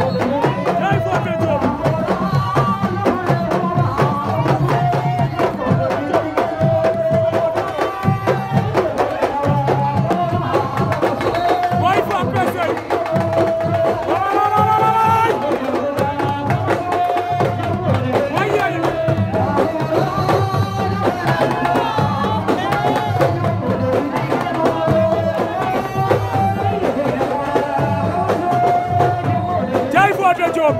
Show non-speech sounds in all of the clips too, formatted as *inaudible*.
Oh, *laughs* пойдем!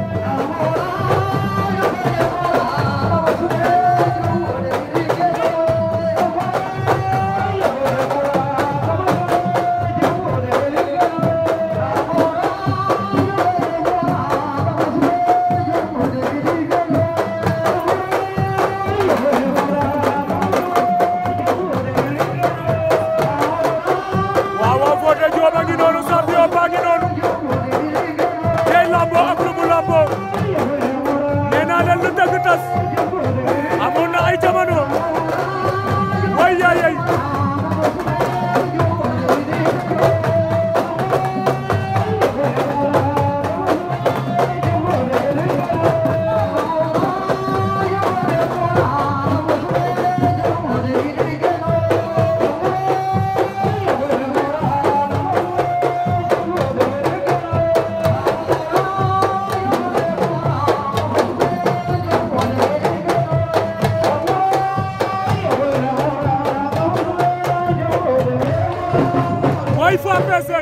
Boy Faye Mbese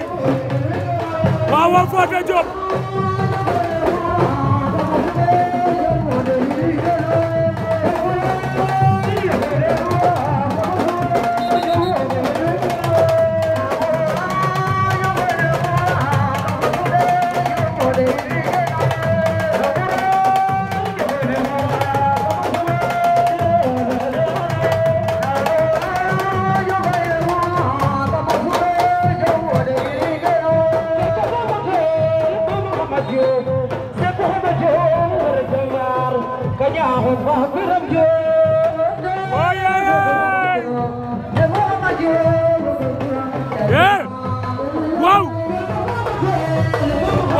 waaw waaw Fodé Diop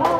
Vamos,